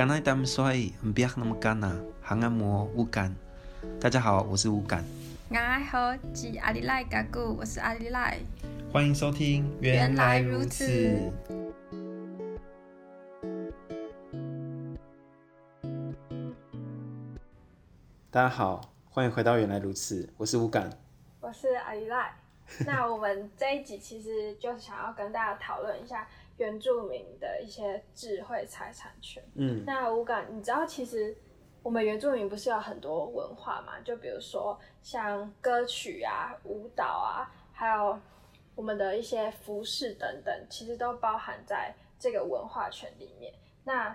剛來，咱們衰，不要那麼幹吶，還按摩，Ukan。大家好，我是 Ukan。我好是阿里賴加古，我是阿里賴。歡迎收聽《原來如此》。大家好，歡迎回到《原來如此》，我是 Ukan，我是阿里賴。那我們這一集其實就是想要跟大家討論一下。原住民的一些智慧財產權。嗯，那我感，你知道其實我們原住民不是有很多文化嘛，就比如說像歌曲啊、舞蹈啊，還有我們的一些服飾等等，其實都包含在這個文化權裡面。那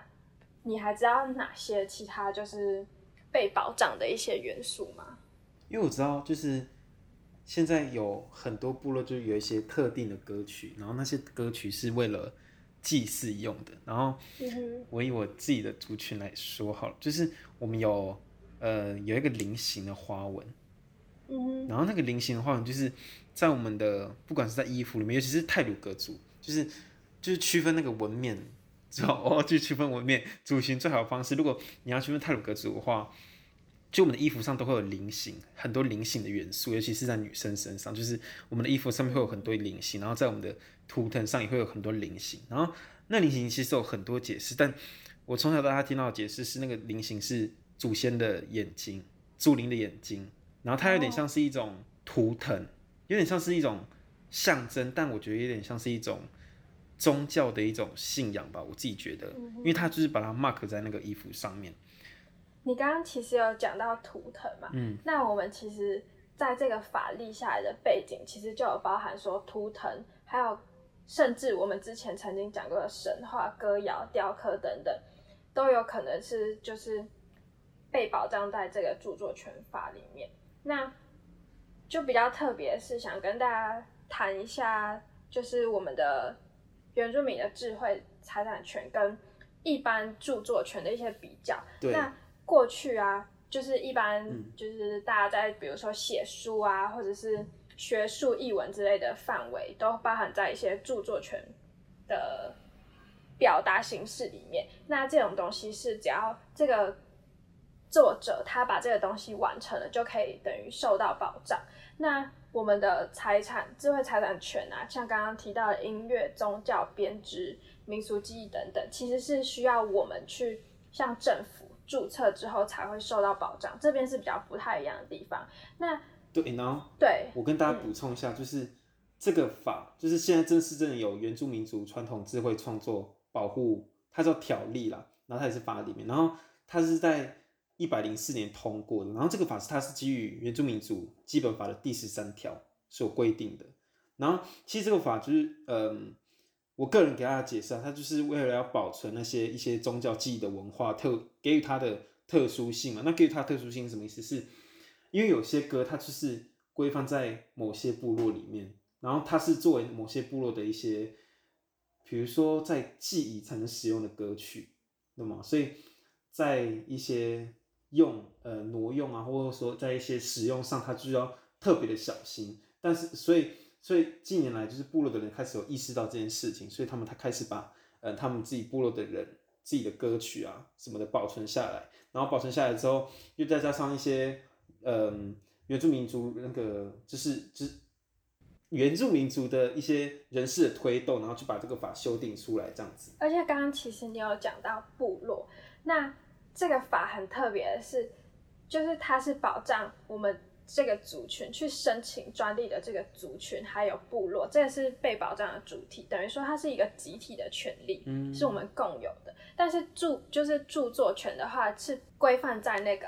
你還知道哪些其他就是被保障的一些元素嗎？因為我知道，就是。現在有很多部落就有一些特定的歌曲，然後那些歌曲是為了祭祀用的。然後，我以我自己的族群來說好了，就是我們有呃有一個菱形的花紋，嗯，然後那個菱形的話就是在我們的不管是在衣服裡面，尤其是太魯閣族，就是就是區分那個紋面，知哦就區分紋面族群最好的方式，如果你要區分太魯閣族的話。就我們的衣服上都會有菱形，很多菱形的元素，尤其是在女生身上，就是我們的衣服上面會有很多菱形，然後在我們的圖騰上也會有很多菱形。然後那菱形其實有很多解釋，但我從小到大聽到的解釋是，那個菱形是祖先的眼睛，祖靈的眼睛。然後它有點像是一種圖騰，有點像是一種象徵，但我覺得有點像是一種宗教的一種信仰吧。我自己覺得，因為它就是把它 mark 在那個衣服上面。你剛剛其實有講到圖騰嘛？嗯，那我們其實在這個法律下來的背景，其實就有包含說圖騰，還有甚至我們之前曾經講過的神話、歌謠、雕刻等等，都有可能是就是被保障在這個著作權法裡面。那就比較特別，是想跟大家談一下，就是我們的原住民的智慧財產權跟一般著作權的一些比較。對。那過去啊，就是一般就是大家在比如說寫書啊，或者是學術譯文之類的範圍，都包含在一些著作權的表達形式裡面。那這種東西是只要這個作者他把這個東西完成了，就可以等於受到保障。那我們的財產，智慧財產權啊，像剛剛提到的音樂、宗教、編織、民俗記憶等等，其實是需要我們去向政府註冊之後才會受到保障。這邊是比較不太一樣的地方。那對，然後對，我跟大家補充一下，嗯，就是這個法，就是現在正式真的有原住民族傳統智慧創作保護，它叫條例啦，然後它也是法裡面，然後它是在一百零四年通過的，然後這個法是它是基於原住民族基本法的第十三條所規定的，然後其實這個法就是嗯。呃我個人給大家解釋、啊，他就是為了要保存那些一些宗教記憶的文化特給予他的特殊性嘛？那給予他的特殊性是什麼意思？是因為有些歌它就是規範在某些部落裡面，然後它是作為某些部落的一些，比如說在記憶才能使用的歌曲，那麼所以在一些用呃挪用啊，或者說在一些使用上，它就要特別的小心。但是所以。所以近年來，就是部落的人開始有意識到這件事情，所以他們才開始把呃、嗯、他們自己部落的人自己的歌曲啊什麼的保存下來，然後保存下來之後，又再加上一些嗯原住民族那個就是就是原住民族的一些人士的推動，然後去把這個法修訂出來這樣子。而且剛剛其實你有講到部落，那這個法很特別的是，就是它是保障我們。這個族群去申請專利的這個族群還有部落，這個是被保障的主體，等於說它是一個集體的權利，嗯嗯，是我們共有的。但是著就是著作權的話，是規範在那個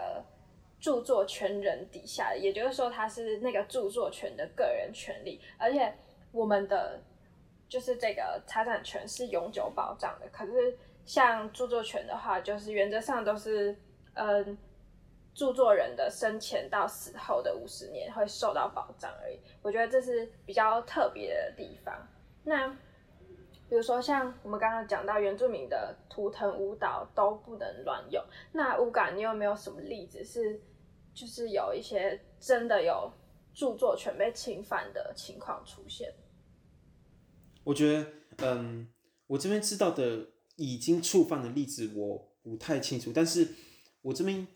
著作權人底下的，也就是說它是那個著作權的個人權利。而且我們的就是這個財產權是永久保障的，可是像著作權的話，就是原則上都是嗯。呃著作人的生前到死後的五十年會受到保障而已，我覺得這是比較特別的地方。那比如說像我們剛剛講到原住民的圖騰、舞蹈都不能亂用，那 Ukan 你有沒有什麼例子是就是有一些真的有著作權被侵犯的情況出現？我覺得，嗯，我這邊知道的已經觸犯的例子我不太清楚，但是我這邊。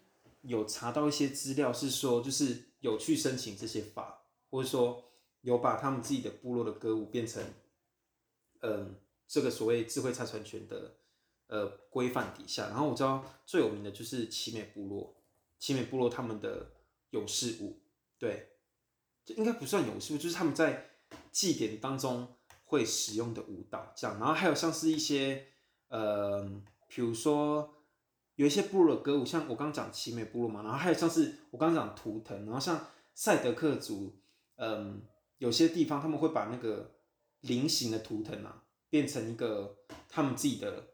有查到一些資料是說，就是有去申請這些法，或者說有把他們自己的部落的歌舞變成，嗯、呃，這個所謂智慧財產權的呃規範底下。然後我知道最有名的就是奇美部落，奇美部落他們的勇士舞，對，這應該不算勇士舞，就是他們在祭典當中會使用的舞蹈這樣。然後還有像是一些呃，譬如說。有一些部落的歌舞，像我剛剛講奇美部落嘛，然後還有像是我剛剛講圖騰，然後像賽德克族，嗯，有些地方他們會把那個菱形的圖騰啊，變成一個他們自己的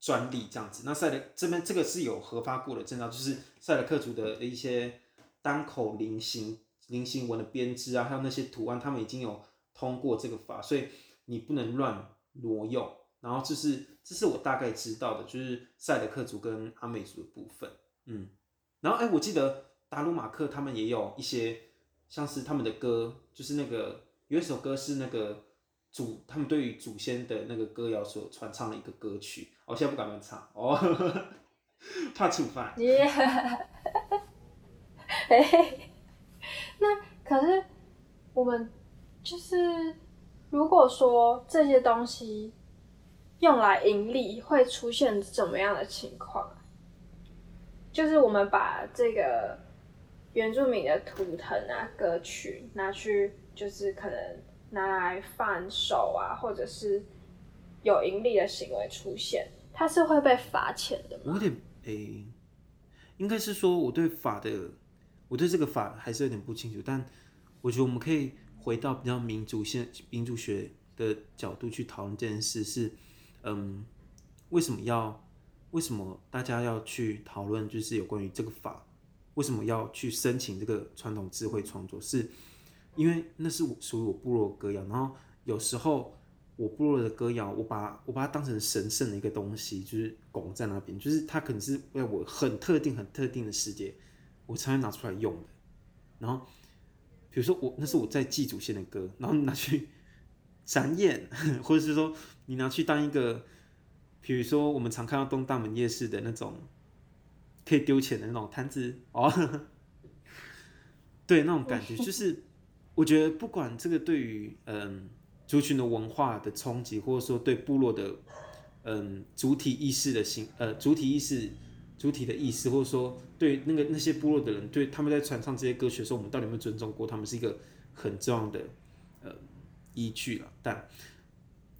專利這樣子。那賽德，這邊這個是有核發過的證照，就是賽德克族的一些單口菱形、菱形紋的編織啊，還有那些圖案，他們已經有通過這個法，所以你不能亂挪用。然後這、就是這是我大概知道的，就是賽德克族跟阿美族的部分，嗯。然後哎，我記得達魯馬克他們也有一些，像是他們的歌，就是那個有一首歌是那個祖他們對於祖先的那個歌謠所傳唱的一個歌曲。我、哦、現在不敢亂唱哦，呵呵怕觸犯。耶、yeah. 欸！那可是我們就是如果說這些東西。用來盈利會出現怎麼樣的情況？就是我們把這個原住民的圖騰啊、歌曲拿去，就是可能拿來販售啊，或者是有盈利的行為出現，它是會被罰錢的嗎？我有點誒、欸，應該是說我對法的，我對這個法還是有點不清楚，但我覺得我們可以回到比較民族性、民族學的角度去討論這件事是。嗯，為什麼要？為什麼大家要去討論？就是有關於這個法，為什麼要去申請這個傳統智慧創作？是因為那是我屬於我部落的歌謠，然後有時候我部落的歌謠，我把我把它當成神聖的一個東西，就是拱在那邊，就是它可能是為我很特定、很特定的時間，我才會拿出來用的。然後，比如說我那是我在祭祖先的歌，然後拿去。展演，或者是說你拿去當一個，比如說我們常看到東大門夜市的那種可以丟錢的那種攤子哦，oh, 對，那種感覺就是，我覺得不管這個對於嗯族群的文化的衝擊，或者說對部落的嗯主體意識的形呃主體意識主體的意識，或者說對那個那些部落的人，對他們在傳唱這些歌曲的時候，我們到底有沒有尊重過他們，是一個很重要的依據了，但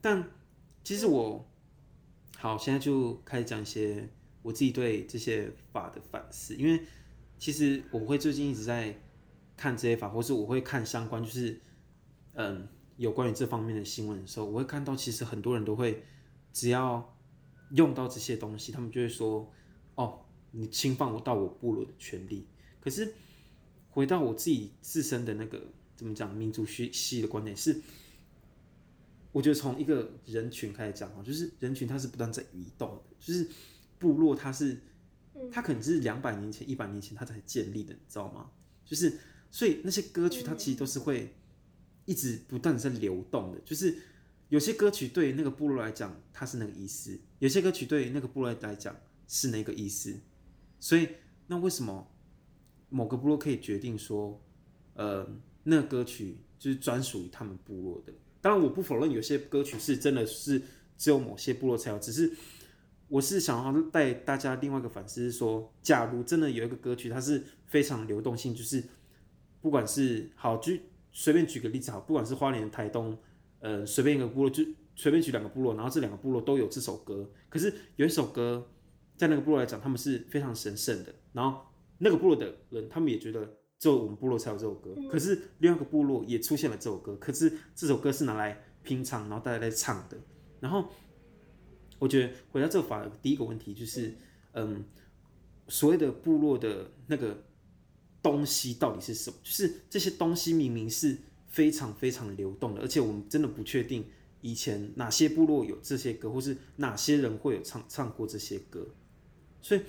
但其實我好，現在就開始講一些我自己對這些法的反思，因為其實我會最近一直在看這些法，或是我會看相關，就是嗯有關於這方面的新聞的時候，我會看到其實很多人都會只要用到這些東西，他們就會說哦，你侵犯我到我部落的權利。可是回到我自己自身的那個怎麼講民族學系的觀點是，我覺得從一個人群開始講哦，就是人群它是不斷在移動的，就是部落它是，它可能就是兩百年前、一百年前它才建立的，你知道嗎？就是所以那些歌曲它其實都是會一直不斷的在流動的，就是有些歌曲對那個部落來講它是那個意思，有些歌曲對那個部落來講是那個意思，所以那為什麼某個部落可以決定說，呃，那個歌曲就是專屬於他們部落的？當然，我不否認有些歌曲是真的是只有某些部落才有。只是我是想要帶大家另外一個反思是說，假如真的有一個歌曲，它是非常流動性，就是不管是好，就隨便舉個例子好，不管是花蓮、台東，呃，隨便一個部落，就隨便舉兩個部落，然後這兩個部落都有這首歌。可是有一首歌，在那個部落來講，他們是非常神聖的。然後那個部落的人，他們也覺得。只有我們部落才有這首歌，可是另外一個部落也出現了這首歌，可是這首歌是拿來平常然後大家來唱的。然後我覺得回到這個法，第一個問題就是，嗯，所謂的部落的那個東西到底是什麼？就是這些東西明明是非常非常流動的，而且我們真的不確定以前哪些部落有這些歌，或是哪些人會有唱唱過這些歌，所以。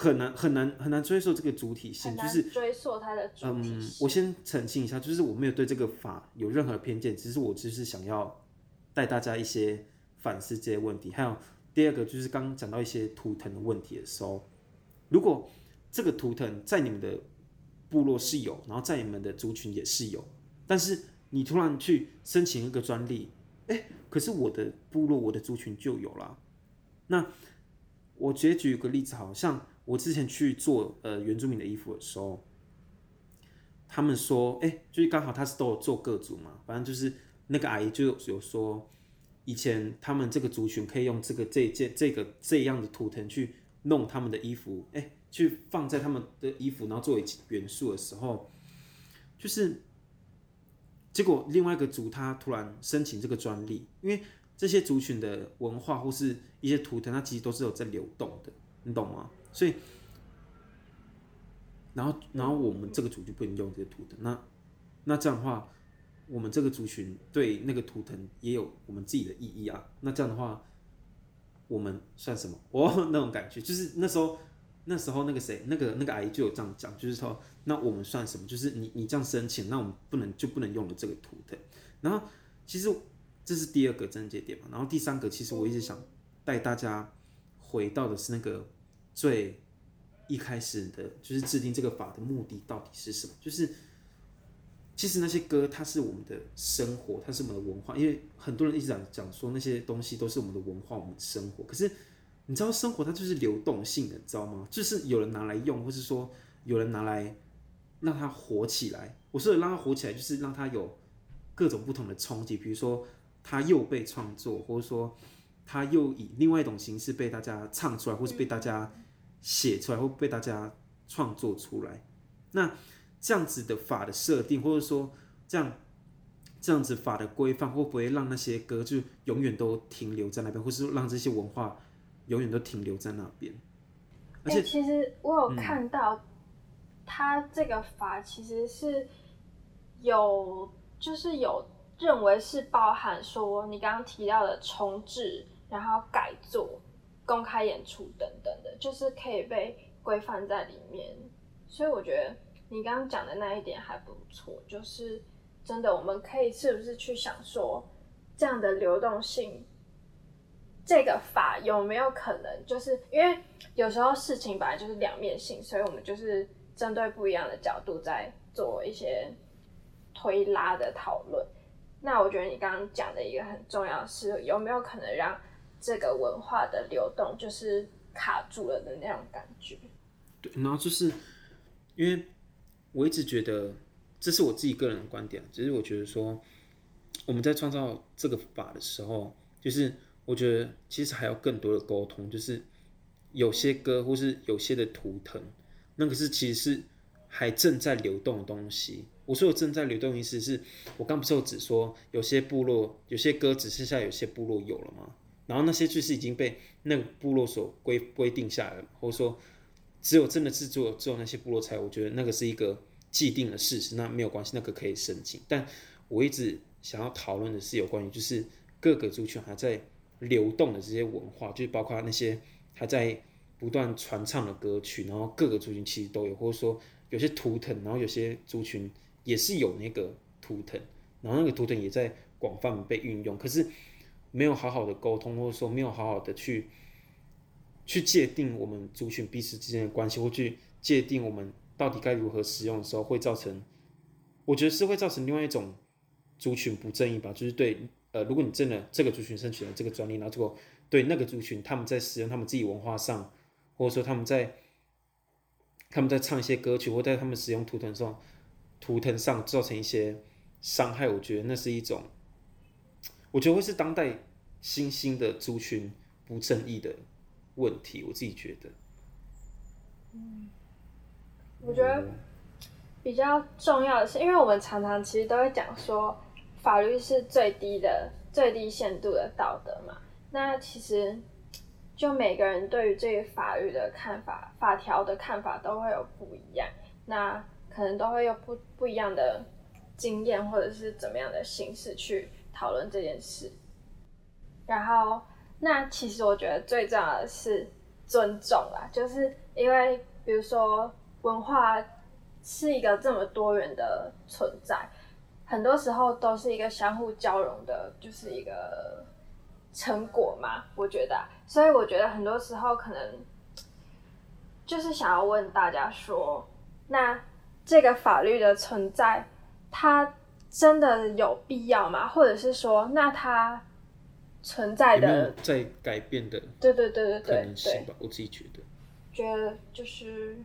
很難很難很難追溯這個主體性，體性就是追溯它的。嗯，我先澄清一下，就是我沒有對這個法有任何偏見，只是我只是想要帶大家一些反思這些問題。還有第二個就是剛講到一些圖騰的問題的時候，如果這個圖騰在你們的部落是有，然後在你們的族群也是有，但是你突然去申請一個專利，哎、欸，可是我的部落、我的族群就有了。那我直接舉一個例子，好像。我之前去做呃原住民的衣服的時候，他們說，哎、欸，就是剛好他是都有做各族嘛，反正就是那個阿姨就有說，以前他們這個族群可以用這個這這這個、這個、這樣的圖騰去弄他們的衣服，哎、欸，去放在他們的衣服，然後作為元素的時候，就是結果另外一個族他突然申請這個專利，因為這些族群的文化或是一些圖騰，它其實都是有在流動的，你懂嗎？所以，然後，然後我們這個組就不能用這個圖騰。那，那這樣的話，我們這個族群對那個圖騰也有我們自己的意義啊。那這樣的話，我們算什麼？哦，那種感覺，就是那時候，那時候那個誰，那個那個阿姨就有這樣講，就是說，那我們算什麼？就是你你這樣申請，那我們不能就不能用了這個圖騰。然後，其實這是第二個症結點嘛。然後第三個，其實我一直想帶大家回到的是那個。最一開始的就是制定這個法的目的到底是什麼？就是其實那些歌，它是我們的生活，它是我們的文化。因為很多人一直講講說那些東西都是我們的文化，我們的生活。可是你知道生活它就是流動性的，你知道嗎？就是有人拿來用，或是說有人拿來讓它火起來。我說的讓它火起來，就是讓它有各種不同的衝擊。比如說它又被創作，或者說它又以另外一種形式被大家唱出來，或是被大家。寫出來會被大家創作出來，那這樣子的法的設定，或者說這樣這樣子法的規範，會不會讓那些歌就永遠都停留在那邊，或是讓這些文化永遠都停留在那邊、欸？而且，其實我有看到、嗯，他這個法其實是有，就是有認為是包含說你剛剛提到的重製，然後改作。公開演出等等的，就是可以被規範在裡面，所以我覺得你剛剛講的那一點還不錯，就是真的我們可以是不是去想說這樣的流動性，這個法有沒有可能？就是因為有時候事情本來就是兩面性，所以我們就是針對不一樣的角度在做一些推拉的討論。那我覺得你剛剛講的一個很重要的是有沒有可能讓。這個文化的流動就是卡住了的那種感覺。對，然後就是因為我一直覺得，這是我自己個人的觀點，只是我覺得說我們在創造這個法的時候，就是我覺得其實還有更多的溝通，就是有些歌或是有些的圖騰，那可是其實是還正在流動的東西。我說我正在流動，意思是我剛不是有只說有些部落有些歌只剩下有些部落有了嗎？然後那些就是已經被那個部落所規規定下來了，或者說，只有真的制作之後那些部落才，我覺得那個是一個既定的事實。那沒有關係，那個可以申請。但我一直想要討論的是有關於就是各個族群還在流動的這些文化，就是包括那些還在不斷傳唱的歌曲，然後各個族群其實都有，或者說有些圖騰，然後有些族群也是有那個圖騰，然後那個圖騰也在廣泛被運用。可是。沒有好好的溝通，或者說沒有好好的去去界定我們族群彼此之間的關係，或者去界定我們到底該如何使用的時候，會造成，我覺得是會造成另外一種族群不正義吧，就是對，呃，如果你真的這個族群申請了這個專利，然後結果對那個族群，他們在使用他們自己文化上，或者說他們在他們在唱一些歌曲，或者在他們使用圖騰上，圖騰上造成一些傷害，我覺得那是一種。我覺得會是當代新興的族群不正義的問題，我自己覺得。嗯，我覺得比較重要的是，因為我們常常其實都會講說，法律是最低的、最低限度的道德嘛。那其實就每個人對於這個法律的看法、法條的看法都會有不一樣，那可能都會有不不一樣的經驗或者是怎麼樣的形式去。討論這件事，然後那其實我覺得最重要的是尊重啊，就是因為比如說文化是一個這麼多元的存在，很多時候都是一個相互交融的，就是一個成果嘛。我覺得，所以我覺得很多時候可能就是想要問大家說，那這個法律的存在，它。真的有必要嗎？或者是說，那它存在的在改變的？對對對對對，可能性吧，我自己覺得，覺得就是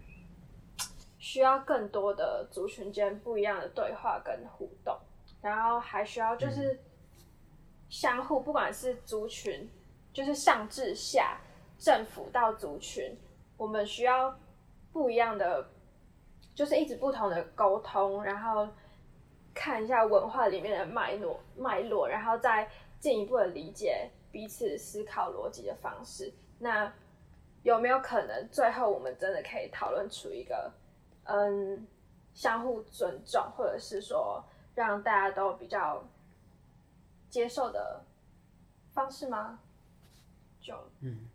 需要更多的族群間不一樣的對話跟互動，然後還需要就是相互、嗯，不管是族群，就是上至下，政府到族群，我們需要不一樣的，就是一直不同的溝通，然後。看一下文化裡面的脈絡，脈絡，然後再進一步的理解彼此思考邏輯的方式。那有沒有可能，最後我們真的可以討論出一個，嗯，相互尊重，或者是說讓大家都比較接受的方式嗎？就嗯，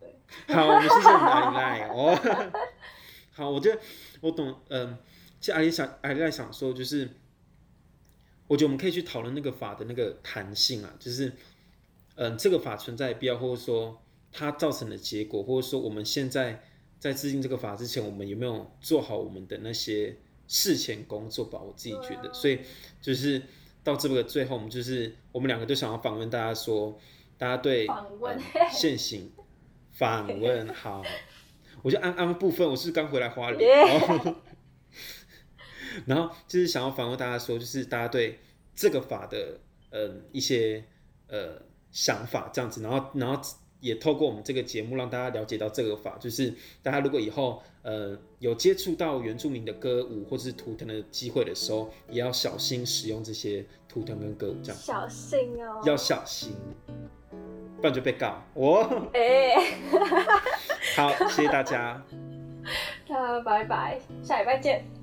對， 好，我們是 好，我覺得我懂，嗯，其實阿姨想，阿姨在想說，就是我覺得我們可以去討論那個法的那個彈性啊，就是嗯，這個法存在必要，或者說它造成的結果，或者說我們現在在制定這個法之前，我們有沒有做好我們的那些事前工作吧？我自己覺得，啊、所以就是到這個最後，我們就是我們兩個都想要訪問大家說，大家對，訪問、嗯、 現行，訪問好。 我就按按部分，我是剛回來花蓮，yeah. 然後， 然後就是想要反問大家說，就是大家對這個法的，呃、一些呃想法這樣子，然後然後也透過我們這個節目讓大家了解到這個法，就是大家如果以後呃有接觸到原住民的歌舞或是圖騰的機會的時候，也要小心使用這些圖騰跟歌舞，這樣子小心哦，要小心。不然就被告哦！哎、oh. 欸， 好，謝謝大家。那拜拜，下禮拜見。